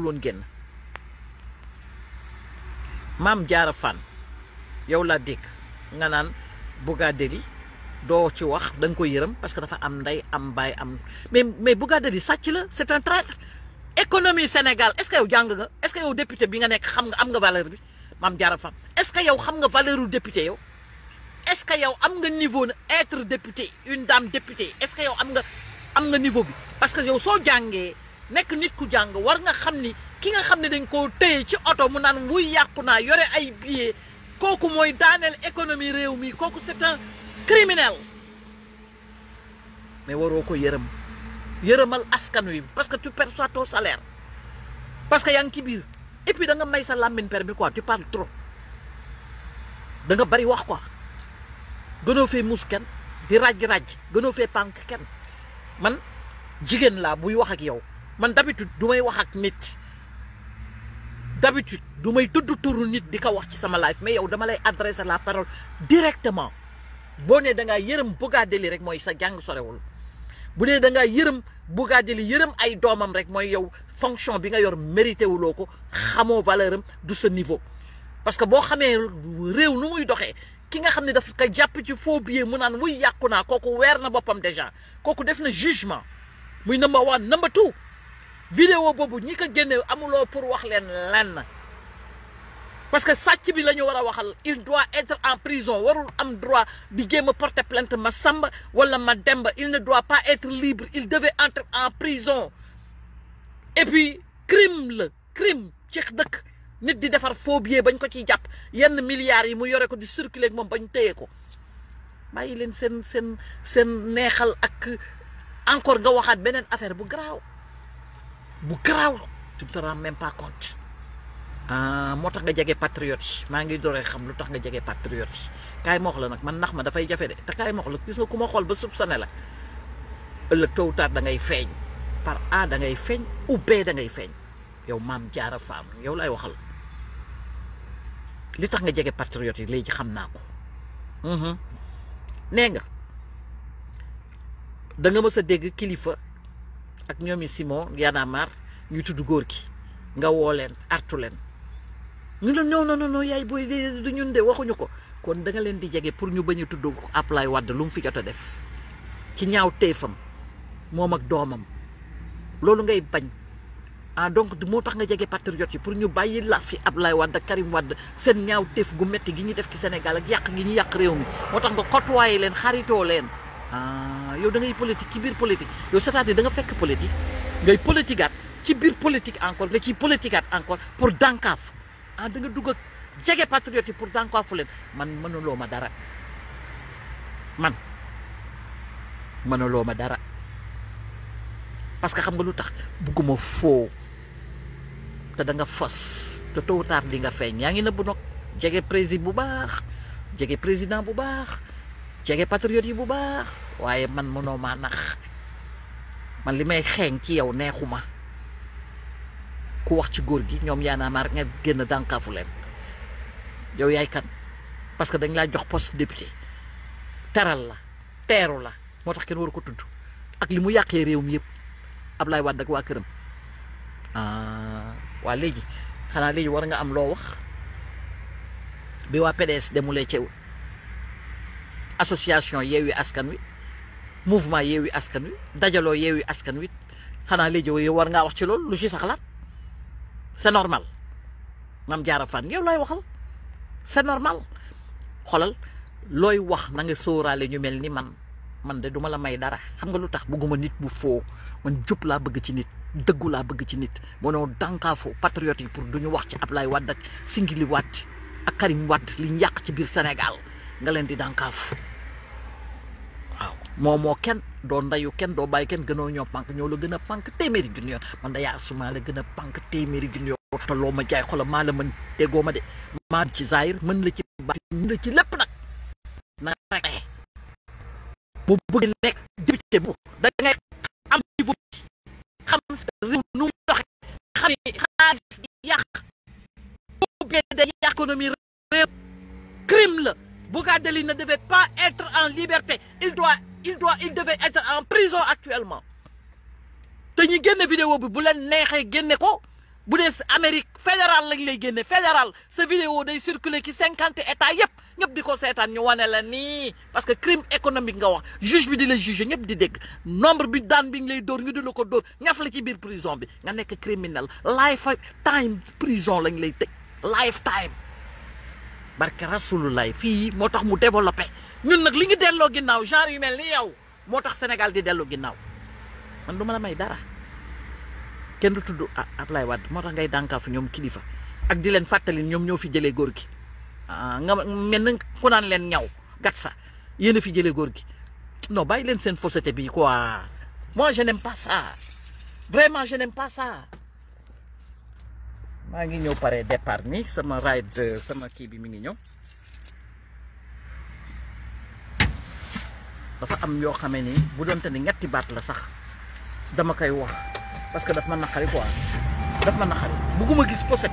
loon génn maam jaara fan yow laa dégg nga naan Bougadeli doo ci wax da koy yërëm parce que dafa am ndey am baay am mais mais Bougadeli sàcc la c'est un traître économie Sénégal est-ce que yow jàng nga est-ce que yow député bi nga nekk xam nga am nga valeur bi maam jaara fan est-ce que yow xam nga valeur u député yow est-ce que yow am nga niveau na être député une dame députée est-ce que yow am nga am nga niveau bi parce que yow soo jàngee Nek nit ku jang war nga xamni ni ki nga xamni dañ ko téye ci auto mu nan muy yakuna yoré ay billet koku moy danel économie réew mi koku c'est un criminel mais waro ko yeureum yeureumal askan wi parce que tu perçois ton salaire parce que yang ngi et puis da nga may sa lamine permis quoi tu parles trop da nga bari wax quoi gëno fi musken di raj raj gëno fi pank ken man jigen la buy wax ak yow man d'habitude du may wax ak nit d'habitude du may tudd turu nit di ko wax ci sama live mais yow dama lay adresser la parole directement boo nee da ngaa yërëm Bougadélly rek mooy sa jàng wul bu dee da ngaa yërëm Bougadélly yërëm ay doomam rek mooy yow fonction bi nga yor mérité wuloo ko xamoo valeur du sa niveau parce que boo xamee réew nu muy doxee ki nga xam ne daf ko jàpp ci foo billet mu naan wuy yàqu naa kooku weer na boppam déjà kooku def na jugement muy number one number vidéo bobu ñi ko génne amulo pour wax len lenn parce que sacc bi lañu wara waxal il doit être en prison warul am droit di jéem porter plainte ma samba wala ma demba il ne doit pas être libre il devait entrer en prison et puis crime le crime ci dëkk nit di defar faux billet bañ ko ci japp yenn milliards yi mu yoré ko di circuler ak mom bañ téye ko bayi len sen sen sen neexal ak encore nga waxat benen affaire bu garaaw bu tu te rend même pas compte ah motax nga jege patriote ma ngi xam lu nga jege patriote kay mo xol nak man nax ma fay jafé dé ta kay mo xol gis nga kuma xol ba la le taw taat da ngay feeñ par A da ngay feeñ ou B da ngay feeñ yow mam jaara fam yow lay waxal li tax nga jege patriote yi ci xam naa ko mhm. nee nga da nga ma sa dégg kilifa ak ñoom ñoomi Simon Y'en a marre ñuy tudd góor gi nga woo leen artu leen ñu la non non non yaay booy du ñun de waxuñu ko kon danga leen di jege pour ñu bañ a tudd Ablaye Wade lu mu fi jot a def ci ñaaw téefam moom ak doomam loolu ngay bañ ah donc moo tax nga jege patriote yi pour ñu bàyyi la fi Ablaye Wade ak Karim Wade seen ñaaw téef gu metti gi ñuy def ci Sénégal ak yàq gi ñu yàq réew mi moo tax nga côtoyé leen xaritoo leen. ah yow da ngay politique ci biir politique yow c'est-à-dire da nga fekk politique ngay politikaat ci biir politique encore nga ciy politikaat encore pour dànkaaf ah da nga dugg jege patriote pour dànkaafu leen man mënuloo ma dara man mënuloo ma dara parce que xam nga lu tax bugguma foo te da nga fos te tôt ou tard di nga feeñ yaa ngi nëbb nag jege bu baax jege président bu baax. Check patriote yi bu baax waaye man mënoo maa nax man li may xeeñ ci yow neexuma ku wax ci góor gi ñoom yaa naa maar nga génn dànkaafu leen yow yaay kan parce que dañ laa jox poste député teral la teeru la moo tax ak li ya ah, mu yàqee réew mi yëpp Ablaye Wade ak waa këram waa léegi xanaa léegi war association Yewwi Askan Wi mouvement Yewwi Askan Wi dajaloo Yewwi Askan Wi xanaa léegi yow war ngaa wax ci loolu lu ci sa xalaat c'est normal Mame Diarra Fam yow looy waxal c'est normal xolal looy wax na nga sóoraale ñu mel ni man man de duma la may dara xam nga lu tax bëgguma nit bu foo man jub laa bëgg ci nit dëggu laa bëgg ci nit mënoo dànkaafoo patriote yi pour du ñu wax ci Ablaye Wade ak Singili Wade ak Karim Wade liñ yàq ci biir Sénégal moo moo kenn doo ndayu kenn doo bàyyi kenn gënoo ñoo pànk ñoo la gën a pànk téeméeri junni yoon man suma la gën a pànk téeméeri junni yoon te loo ma jaay xola maa la mën déggoo ma de maa ci zaayir mën la ci baax ci lépp nag na bu bëgg nekk député bu da ngay am niveau bi xam sa nu mu xam ni xaalis yàq bu bëggee day yàq économie réew crime la Boughazelli ne devait pas être en liberté il doit il doit il devait être en prison actuellement te ñu génne vidéo bi bu leen nexé génne ko bu dee Amérique fédérale lañ lay génne fédéral ce vidéo day circuler ci 50 états yépp ñëpp diko ko ñu wane la parce que crime économique nga wax juge bi di la juger ñëpp di dégg nombre bi daan bi ñu lay dóor ñu di la ko dóor ñaf la ci biir prison bi nga nek criminel life time prison lañ lay tej lifetime barke rasulullah fii moo tax mu développé ñun nag li nga delloo ginnaaw genre yu mel ni yow moo tax Sénégal di dellu ginnaaw man du ma la may dara kenn du tudd Ablaye Wade moo tax ngay dànkaafu ñoom kilifa ak di leen fàttali ñoom ñoo fi jëlee góor gi ah, nga mel na ku naan leen ñaw gat sa yéen a fi jëlee góor gi non bàyyi leen seen fausseté bi ko moi je n'aime pas ça vraiment je n'aime pas ang inyong parede parni sa mga ride sa mga kibimi ninyo basta amyo kami ni budon tani ngati batla sax dama kay wax parce que daf man nakari quoi daf man nakari buguma gis poset